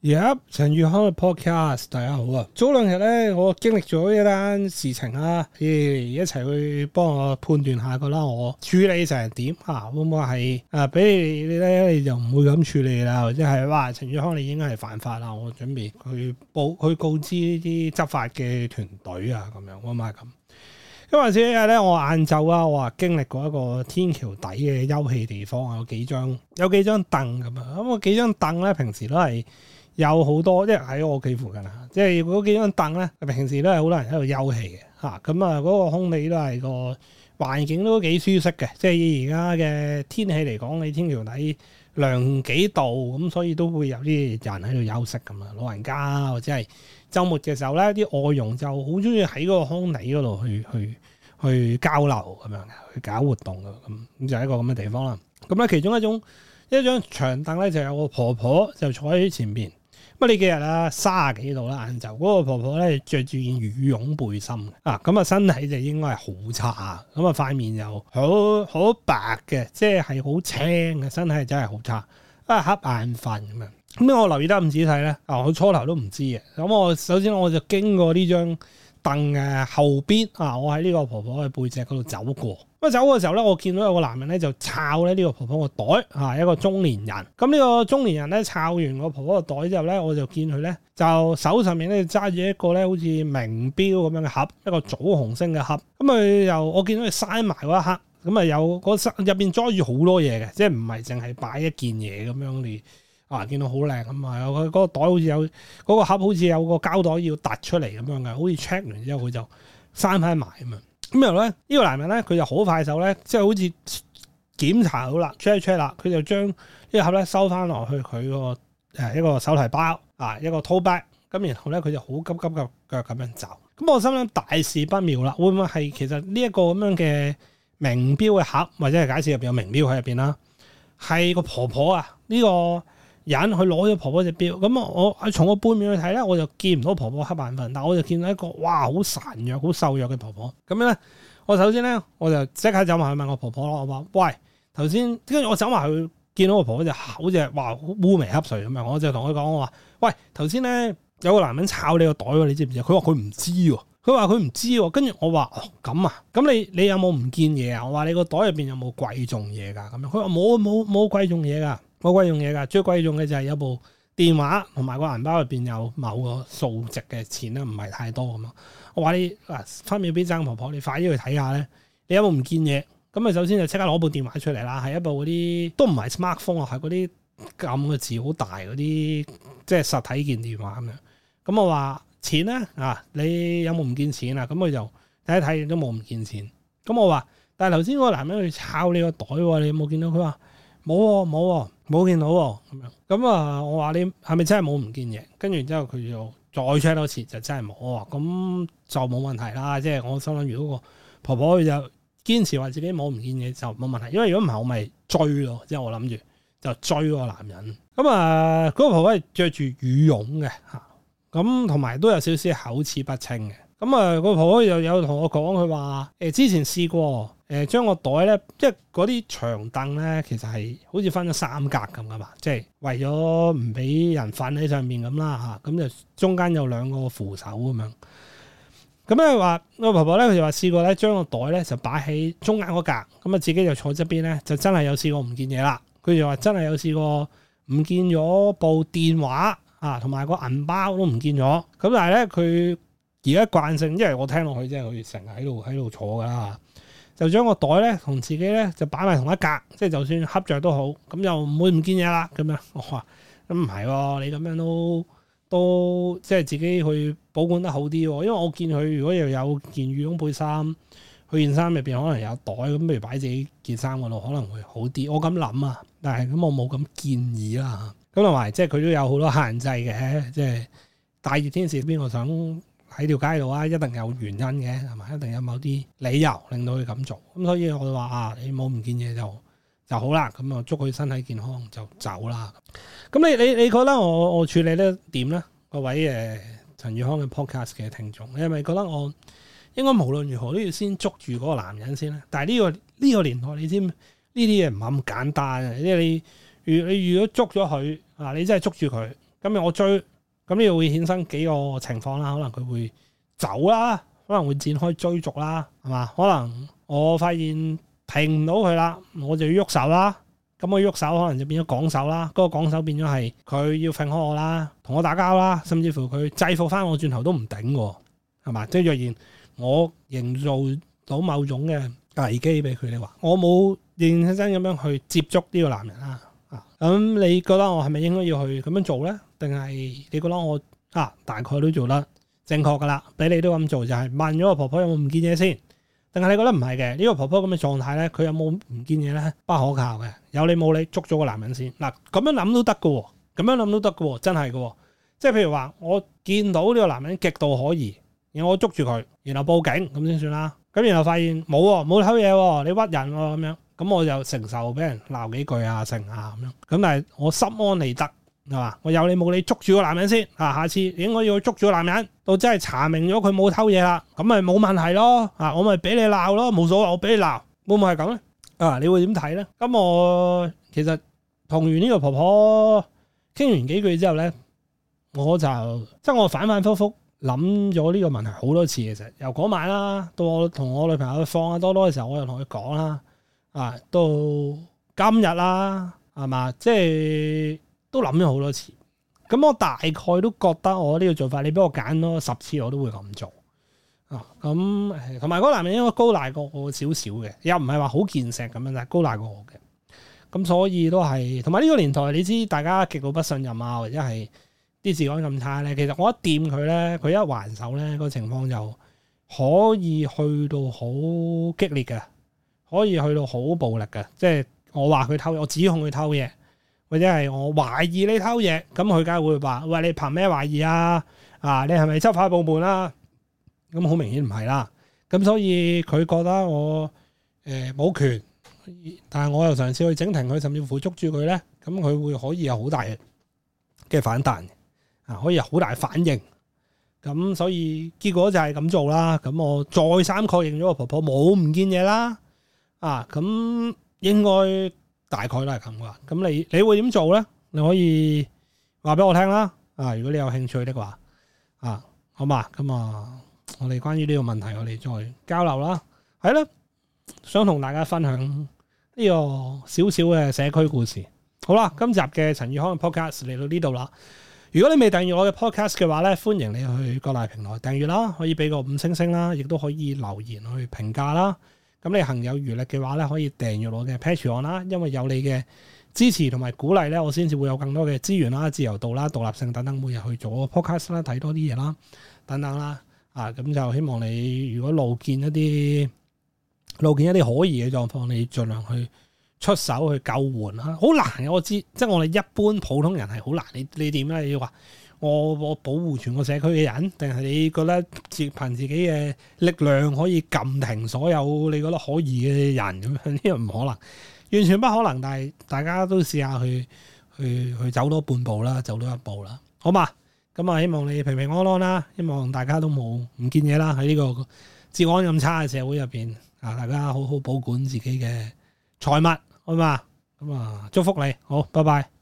而家陳宇康嘅 podcast，大家好啊！早兩日咧，我經歷咗一單事情啊，一齊去幫我判斷下，嗰啦我處理成點啊？會唔會係誒，比如你咧，你就唔會咁處理啦，或者係哇，陳宇康，你已經係犯法啦！我準備去報去告知呢啲執法嘅團隊啊，咁、嗯、樣，會唔係咁？因為先日咧，我晏晝啊，我話經歷過一個天橋底嘅休憩地方啊，有幾張，有幾張凳咁啊，咁、嗯、我幾張凳咧，平時都係，有好多，即係喺我屋企附近啦。即係嗰幾張凳咧，平時都係好多人喺度休憩嘅，吓咁啊！嗰、那個空地都係個環境都幾舒適嘅。即係而家嘅天氣嚟講，你天橋底涼幾度，咁所以都會有啲人喺度休息咁啊。老人家或者係週末嘅時候咧，啲外傭就好中意喺嗰個空地嗰度去去去交流咁樣，去搞活動嘅。咁就係一個咁嘅地方啦。咁咧其中一種一張長凳咧，就有個婆婆就坐喺前邊。乜呢幾日啊？卅幾度啦，晏晝，嗰個婆婆咧，着住件羽絨背心啊，咁啊，身體就應該係好差，咁啊，塊面又好好白嘅，即係係好青嘅，身體真係好差，啊，瞌、就是啊、眼瞓咁樣。咩、啊、我留意得咁仔細咧？啊，我初頭都唔知嘅。咁、啊、我首先我就經過呢張凳嘅後邊啊，我喺呢個婆婆嘅背脊嗰度走過。咁走嘅時候咧，我見到有個男人咧就摷咧呢個婆婆個袋啊，一個中年人。咁呢個中年人咧摷完個婆婆個袋之後咧，我就見佢咧就手上面咧揸住一個咧好似名錶咁樣嘅盒，一個棗紅色嘅盒。咁佢又我見到佢塞埋嗰一刻，咁啊有、個入邊裝住好多嘢嘅，即係唔係淨係擺一件嘢咁樣嚟。啊！見到好靚咁啊！佢、那、嗰個袋好似有嗰、那個盒，好似有個膠袋要突出嚟咁樣嘅，好似 check 完之後佢就閂翻埋咁樣！咁然後咧，呢、這個男人咧佢就，快就、就是、好快手咧，即係好似檢查好啦，check 一 check 啦，佢就將呢個盒咧收翻落去佢個誒一個手提包啊，一個 tote bag。咁然後咧佢就好急急嘅腳咁樣走。咁我心諗大事不妙啦！會唔會係其實呢一個咁樣嘅名錶嘅盒，或者係戒指入邊有名錶喺入邊啦？係個婆婆啊，呢、這個～人去攞咗婆婆隻錶，咁啊，我去從個背面去睇咧，我就見唔到婆婆黑眼瞓，但我就見到一個哇，好孱弱、好瘦弱嘅婆婆。咁樣咧，我首先咧，我就即刻走埋去問我婆婆咯。我話：喂，頭先，跟住我走埋去，見到我婆婆就好似話烏眉瞌睡咁樣。我就同佢講：我話喂，頭先咧有個男人炒你個袋喎，你知唔知？佢話佢唔知喎，佢話佢唔知喎。跟住我話：咁、哦、啊，咁你你有冇唔見嘢啊？我話你個袋入邊有冇貴重嘢㗎？咁樣佢話冇冇冇貴重嘢㗎。冇貴用嘢噶，最貴用嘅就係有部電話同埋個銀包入邊有某個數值嘅錢啦，唔係太多咁咯。我話你嗱，分秒必爭婆婆，你快啲去睇下咧。你有冇唔見嘢？咁啊，首先就即刻攞部電話出嚟啦，係一部嗰啲都唔係 smartphone 啊，係嗰啲咁嘅字好大嗰啲，即係實體件電話咁樣。咁我話錢咧啊，你有冇唔見錢啊？咁佢就睇一睇都冇唔見錢。咁我話，但係頭先個男人去抄你個袋喎，你有冇見到佢話？冇冇冇見到咁樣，咁、嗯、啊！我話你係咪真係冇唔見嘢？跟住之後佢就再 check 多次，就真係冇、啊。我咁就冇問題啦。即係我心諗，如果個婆婆佢就堅持話自己冇唔見嘢，就冇問題。因為如果唔係，我咪追咯。即係我諗住就追個男人。咁、嗯、啊，嗰、呃個婆婆着住羽絨嘅嚇，咁同埋都有少少口齒不清嘅。咁、嗯、啊，個婆婆又有同我講，佢話誒之前試過。誒將個袋咧，即係嗰啲長凳咧，其實係好似分咗三格咁噶嘛，即係為咗唔俾人瞓喺上面咁啦嚇，咁就中間有兩個扶手咁樣。咁咧話我婆婆咧，佢就話試過咧，將個袋咧就擺喺中間嗰格，咁啊自己就坐側邊咧，就真係有試過唔見嘢啦。佢就話真係有試過唔見咗部電話啊，同埋個銀包都唔見咗。咁但係咧，佢而家慣性，因為我聽落去即係佢成日喺度喺度坐噶啦。就將個袋咧同自己咧就擺埋同一格，即係就算恰着都好，咁又唔會唔見嘢啦咁樣。我話咁唔係喎，你咁樣都都即係自己去保管得好啲喎，哦。因為我見佢如果又有件羽絨配衫，佢件衫入邊可能有袋，咁不如擺自己件衫嗰度可能會好啲。我咁諗啊，但係咁我冇咁建議啦。咁同埋即係佢都有好多限制嘅，即係大熱天時邊個我想喺條街度啊，一定有原因嘅，係咪？一定有某啲理由令到佢咁做。咁、嗯、所以我就話啊，你冇唔見嘢就就好啦。咁、嗯、啊，祝佢身體健康就走啦。咁你你你覺得我我處理得點咧？各位誒陳宇康嘅 podcast 嘅聽眾，你係咪覺得我應該無論如何都要先捉住嗰個男人先咧？但係呢、呢個呢、呢個年代你知，呢啲嘢唔係咁簡單嘅。即係你如你，你如果捉咗佢啊，你真係捉住佢，今日我追。咁呢會衍生幾個情況啦，可能佢會走啦，可能會展開追逐啦，係嘛？可能我發現停唔到佢啦，我就要喐手啦。咁我喐手可能就變咗講手啦，嗰、那個講手變咗係佢要甩開我啦，同我打交啦，甚至乎佢制服翻我轉頭都唔頂喎，係嘛？即係若然我營造到某種嘅危機俾佢，你話我冇認真咁樣去接觸呢個男人啦。咁、嗯、你覺得我係咪應該要去咁樣做咧？定係你覺得我嚇、啊、大概都做得正確噶啦？俾你都咁做就係、是、問咗、個婆婆有冇唔見嘢先？定係你覺得唔係嘅？呢個婆婆咁嘅狀態咧，佢有冇唔見嘢咧？不可靠嘅，有理冇理捉咗個男人先嗱，咁樣諗都得㗎喎，咁樣諗都得㗎喎，真係㗎喎。即係譬如話，我見到呢個男人極度可疑，然後我捉住佢，然後報警咁先算啦。咁然後發現冇喎，冇偷嘢喎，你屈人喎、哦、咁樣。咁我就承受俾人鬧幾句啊，成啊咁樣。咁但係我心安理得，係嘛？我有你冇你捉住個男人先啊！下次應該要捉住個男人，到真係查明咗佢冇偷嘢啦，咁咪冇問題咯啊！我咪俾你鬧咯，冇所謂，我俾你鬧，會唔會係咁咧？啊，你會點睇咧？咁我其實同完呢個婆婆傾完幾句之後咧，我就即係、就是、我反反复覆諗咗呢個問題好多次嘅，其實由嗰晚啦。到我同我女朋友放阿多多嘅時候，我又同佢講啦。啊，到今日啦，係嘛？即係都諗咗好多次。咁我大概都覺得我呢個做法，你俾我揀多十次我都會咁做。啊，咁同埋嗰男人應該高大過我少少嘅，又唔係話好健碩咁樣，就係高大過我嘅。咁所以都係，同埋呢個年代，你知大家極度不信任啊，或者係啲治安咁差咧。其實我一掂佢咧，佢一還手咧，個情況就可以去到好激烈嘅。可以去到好暴力嘅，即係我話佢偷，我指控佢偷嘢，或者係我懷疑你偷嘢，咁佢梗係會話，喂，你憑咩懷疑啊？啊，你係咪執法部門啊？咁好明顯唔係啦，咁所以佢覺得我誒冇、呃、權，但係我又嘗試去整停佢，甚至乎捉住佢咧，咁佢會可以有好大嘅反彈，啊，可以有好大反應，咁所以結果就係咁做啦。咁我再三確認咗個婆婆冇唔見嘢啦。啊，咁、嗯、應該大概都係咁啩。咁、嗯、你你會點做咧？你可以話俾我聽啦。啊，如果你有興趣的話，啊，好嘛。咁、嗯、啊，我哋關於呢個問題，我哋再交流啦。係啦，想同大家分享呢個小小嘅社區故事。好啦，今集嘅陳宇康嘅 podcast 嚟到呢度啦。如果你未訂閱我嘅 podcast 嘅話咧，歡迎你去各大平台訂閱啦。可以俾個五星星啦，亦都可以留言去評價啦。咁你行有餘力嘅話咧，可以訂閱我嘅 Patreon 啦，因為有你嘅支持同埋鼓勵咧，我先至會有更多嘅資源啦、自由度啦、獨立性等等，每日去做 podcast 啦、睇多啲嘢啦等等啦。啊，咁就希望你如果路見一啲路見一啲可疑嘅狀況，你盡量去出手去救援啦。好難嘅，我知，即係我哋一般普通人係好難。你你點咧？你要話？我我保護全個社區嘅人，定係你覺得自憑自己嘅力量可以禁停所有你覺得可疑嘅人咁樣，呢個唔可能，完全不可能。但係大家都試下去，去去走多半步啦，走多一步啦，好嘛？咁、嗯、啊，希望你平平安安啦，希望大家都冇唔見嘢啦。喺呢個治安咁差嘅社會入邊，啊大家好好保管自己嘅財物，好嘛？咁、嗯、啊，祝福你，好，拜拜。